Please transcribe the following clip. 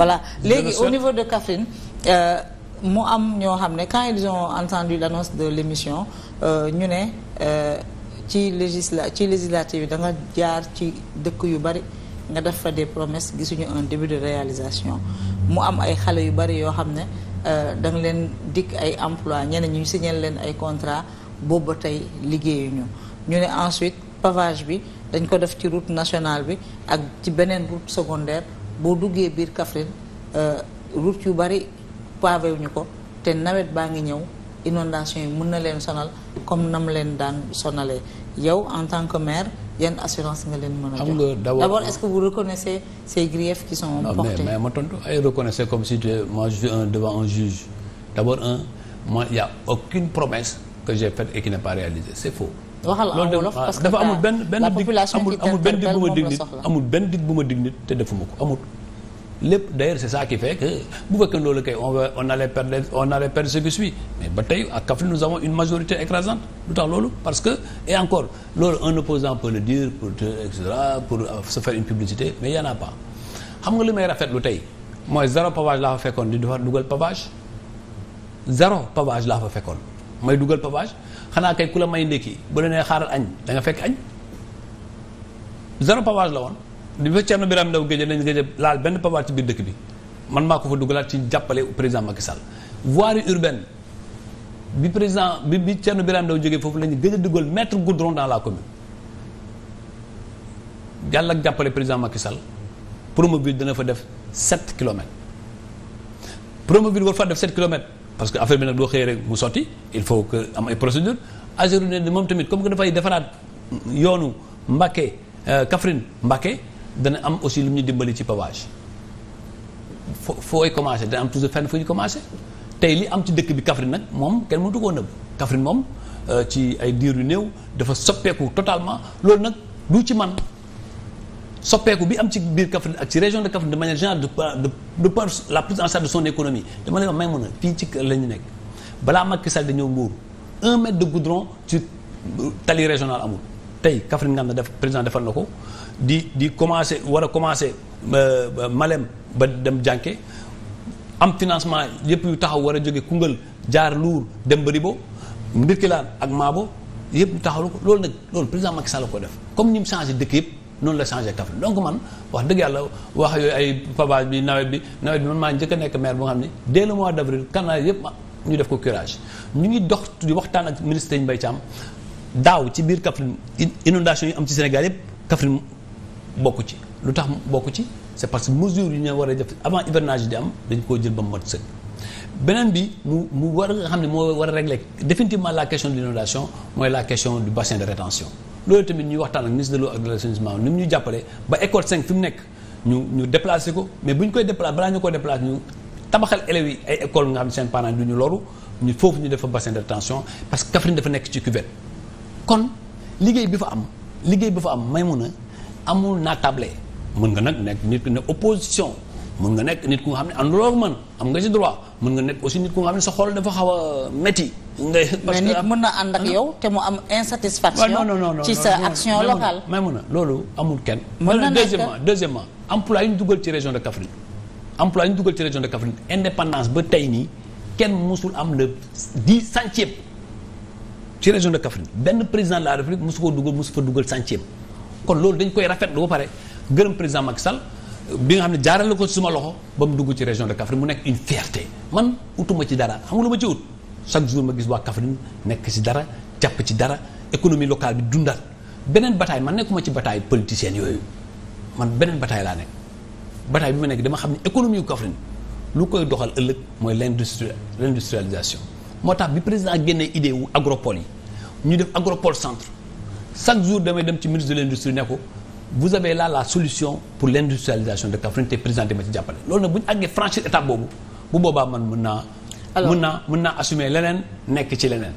voilà léegi au niveau de Kaffrine euh, mu am ñoo xam ne quand ils ont entendu l'annonce de l'émission euh, ñu ne euh, ci législa ci législative yi da nga jaar ci dëkk yu bari nga def fa des promesses gisuñu un début de réalisation mu am ay xale yu bari yoo xam ne da leen dikk ay emploi ñeneen ñu signal leen ay contrat boobu ba tey liggéeyuñu ñu ne ensuite pavage bi dañ ko def ci route nationale bi ak ci beneen route secondaire boo duggee biir Kaffrine euh, route yu bari pavé wuñu ko te nawet baa ngi ñëw inondation yi mun na leen sonal comme nam leen daan sonalee yow en tant que maire yan assurance nga leen mën a jox d'abord est-ce que vous reconnaissez ces griefs qui sont non, portés mais ma tontu ay reconnaissez comme si tu moi je suis un devant un juge d'abord un moi il y a aucune promesse que j'ai faite et qui n'est pas réalisée c'est faux. waxal en wolof parce que dafa amul benn benn dig bu ma dig nit te defuma ko amul. lépp d'ailleurs c'est ça qui fait que bu fekkee loolu kay on va on allait on allait perdre ce qui suit mais ba tey ak Kaffrine nous avons une majorité écrasante lu tax loolu parce que et encore loolu un opposant peut le dire pour et cetera pour euh, se faire une publicité mais y en pas xam nga li may rafet lu tey mooy zéro pavage laa fa fekkoon di defar dugal pavage zéro pavage laa fa fekkoon. may dugal pavage xanaa kay ku la may ndékki bu la nee xaaral añ danga fekk añ zéro pavage la woon di fa Thierno Birame Ndaw géej nañ géej laal benn pavage ci biir dëkk bi man maa ko fa dugalaat ci jàppale président Macky Sall voirie urbaine bi président bi bi Thierno Birame Ndaw jógee foofu lañuy ñu gëj a dugal mètre goudron dans la commune yàlla ak jàppale président Macky Sall Promoville dana fa def 7 kilomètres Promoville war faa def 7 kilomètres. parce que affaire bi nag doo xëy rek mu sotti il faut que am ay procédure Azur ne moom tamit comme que dafay defaraat yoonu Mbacké euh, Kaffrine Mbacké dana am aussi lu ñu dimbali ci pavage foo fooy commencé dana am toujours fenn fu ñu commencé tey li am ci dëkk bi Kaffrine nag moom kenn mënut koo nëbb kafrin moom euh, ci ay diir yu néew dafa soppeeku totalement loolu nag du ci man soppeeku bi am ci biir Kaffrine ak ci région de Kaffrine de manière par la prise en charge de son économie dama lay wax may mën a fii ci la ñu nekk balaa makki Sall di ñëw Mbour un mètre de goudron ci tali régional amul tey Kaffrine nga xam ne def président defal na ko di di commencé war a commencé euh, Malem ba dem Jànke am financement yëpp yu taxaw war a jóge Koungheul jaar Lour dem ba Ribo Ndirkilaan ak Maabo yëpp taxaw la ko loolu nag loolu président Macky Sall ko def comme ni mu changé dëkk yëpp. noonu la changé taf donc man wax dëgg yàlla wax yooyu ay pavage bi nawet bi nawet bi man maa njëkk nekk maire bu nga xam ne dès le mois d' avril canal yëpp ñu def ko curage ñu ngi dox di waxtaan ak ministre ca am daaw ci biir Kaffrine inondation yi am ci Sénégal yëpp Kaffrine bokk ci lu tax bokk ci c' est parce que mesure yi ñu war a def avant hivernage di am dañ koo jël ba mu mat sëkk beneen bi mu mu war nga xam ne moo war a régler définitivement la question de l'inondation mooy la question du bassin de rétention loolu tamit ñuy waxtaan ak ministre de l'eau ak de l'assainissement ni mu ñu jàppale ba école 5 fi mu nekk ñu ñu déplacé ko mais bu ñu koy déplacé balaa ñu koy déplacé ñu tabaxal élèves yi ay école nga xam ne seen parents du ñu loru ñu foofu ñu def fa bassin de rétention parce que Kaffrine dafa nekk ci cuvette kon liggéey bi fa am liggéey bi fa am may mun a amul naa table mën nga nag nekk nit ne opposition mën nga nekk nit ku nga xam ne ànduloo ak man am nga ci droit mën nga nekk aussi nit ku nga xam sa xol dafa xaw a métti. ngay mën na ànd ak yow te mu am insatisfaction. ci sa action locale. mais mun na loolu amul kenn. mën na nekk deuxièmement deuxièmement emploi yi ñu dugal ci région de Kaffrine. emploi yi ñu dugal ci région de Kaffrine indépendance ba tey nii kenn musul am le dix centième ci région de Kaffrine benn président de la République musu koo dugal musu fa dugal centième kon loolu dañ koy lu ba pare gërëm président Macky sal bi nga xam ne la ko suma loxo ba mu dugg ci région de Kaffrine mu nekk une fierté man utuma ci dara xam nga ma ci chaque jour ma gis waa Kaffrine nekk ci dara jàpp ci dara économie locale bi dundal beneen bataille man nekkuma ci bataille politicienne yooyu man beneen bataay laa nekk bataille bi ma nekk dama xam ne économie yu lu koy doxal ëllëg mooy l'industri l'industrialisation moo tax bi président génnee idée wu agropole yi ñu def agropole centre chaque jour damay dem ci ministre de l'industrie ne ko vous avez la la solution pour l'industrialisation de Kaffrine te président ma ci jàppale loolu nag bu ñu àggee franchir étape boobu bu boobaa man mun naa. alors mën naa mën naa assumer leneen nekk ci leneen.